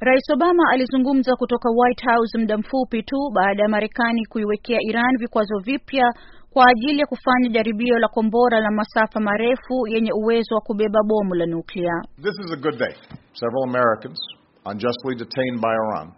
Rais Obama alizungumza kutoka White House muda mfupi tu baada ya Marekani kuiwekea Iran vikwazo vipya kwa ajili ya kufanya jaribio la kombora la masafa marefu yenye uwezo wa kubeba bomu la nuklia. This is a good day. Several Americans unjustly detained by Iran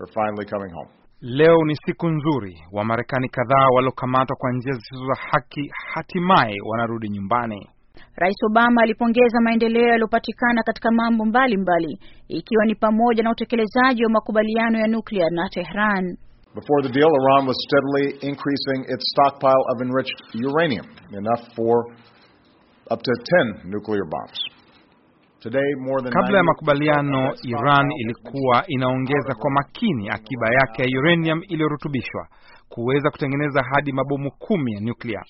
are finally coming home. Leo ni siku nzuri. Wamarekani kadhaa waliokamatwa kwa njia zisizo za haki hatimaye wanarudi nyumbani. Rais Obama alipongeza maendeleo yaliyopatikana katika mambo mbalimbali mbali, ikiwa ni pamoja na utekelezaji wa makubaliano ya nuklia na Tehran. Before the deal, Iran was steadily increasing its stockpile of enriched uranium, enough for up to 10 nuclear bombs. Today, more than kabla ya makubaliano, Iran ilikuwa inaongeza kwa makini akiba yake ya uranium iliyorutubishwa kuweza kutengeneza hadi mabomu kumi ya nuklia.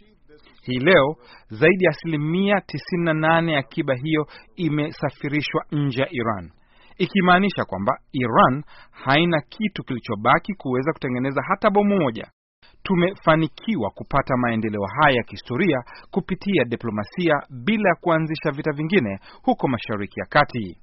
Hii leo zaidi ya asilimia 98 ya akiba hiyo imesafirishwa nje ya Iran, ikimaanisha kwamba Iran haina kitu kilichobaki kuweza kutengeneza hata bomu moja. Tumefanikiwa kupata maendeleo haya ya kihistoria kupitia diplomasia bila ya kuanzisha vita vingine huko Mashariki ya Kati,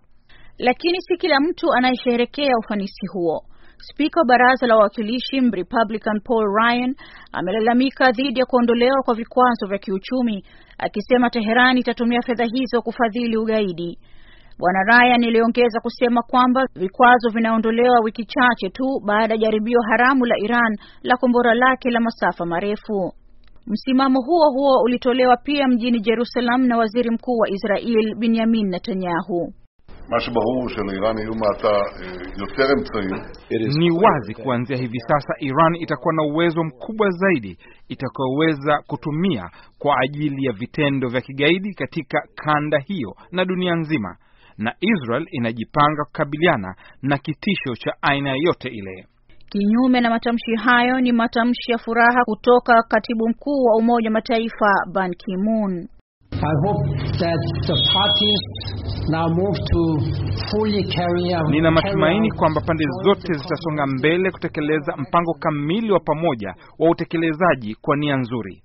lakini si kila mtu anayesherekea ufanisi huo. Spika wa baraza la wawakilishi Republican Paul Ryan amelalamika dhidi ya kuondolewa kwa vikwazo vya kiuchumi akisema Teheran itatumia fedha hizo kufadhili ugaidi. Bwana Ryan aliongeza kusema kwamba vikwazo vinaondolewa wiki chache tu baada ya jaribio haramu la Iran la kombora lake la masafa marefu. Msimamo huo huo ulitolewa pia mjini Jerusalem na Waziri Mkuu wa Israel Benjamin Netanyahu. מה שברור שלאיראן יהיו Ni wazi kuanzia hivi sasa Iran itakuwa na uwezo mkubwa zaidi itakayoweza kutumia kwa ajili ya vitendo vya kigaidi katika kanda hiyo na dunia nzima, na Israel inajipanga kukabiliana na kitisho cha aina yote ile. Kinyume na matamshi hayo ni matamshi ya furaha kutoka katibu mkuu wa Umoja wa Mataifa Ban Ki-moon. Nina matumaini kwamba pande zote zitasonga mbele kutekeleza mpango kamili wa pamoja wa utekelezaji kwa nia nzuri.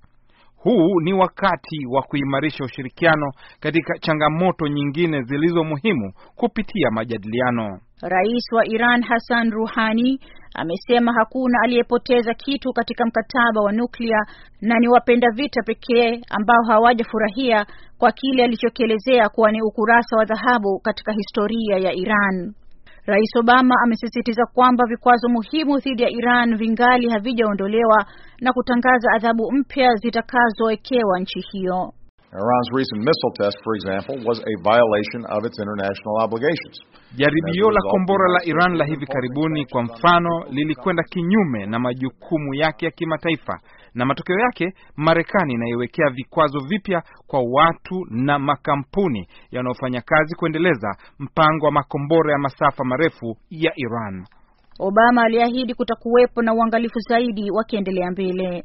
Huu ni wakati wa kuimarisha ushirikiano katika changamoto nyingine zilizo muhimu kupitia majadiliano. Rais wa Iran Hassan Rouhani amesema hakuna aliyepoteza kitu katika mkataba wa nuklia na ni wapenda vita pekee ambao hawajafurahia kwa kile alichokielezea kuwa ni ukurasa wa dhahabu katika historia ya Iran. Rais Obama amesisitiza kwamba vikwazo muhimu dhidi ya Iran vingali havijaondolewa na kutangaza adhabu mpya zitakazowekewa nchi hiyo. Iran's recent missile test, for example, was a violation of its international obligations. Jaribio la kombora la Iran la hivi karibuni, kwa mfano, lilikwenda kinyume na majukumu yake ya kimataifa, na matokeo yake Marekani inaiwekea vikwazo vipya kwa watu na makampuni yanayofanya kazi kuendeleza mpango wa makombora ya masafa marefu ya Iran. Obama aliahidi kutakuwepo na uangalifu zaidi wakiendelea mbele.